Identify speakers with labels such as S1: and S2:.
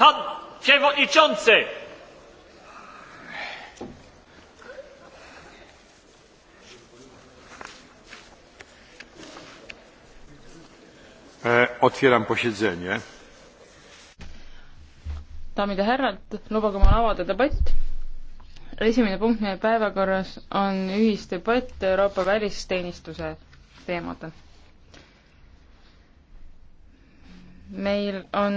S1: Pan przewodniczący!
S2: E, otwieram posiedzenie.
S3: daamid ja härrad, lubage mul avada debatt. esimene punkt meie päevakorras on ühisdebatt Euroopa välisteenistuse teemadel.
S4: meil on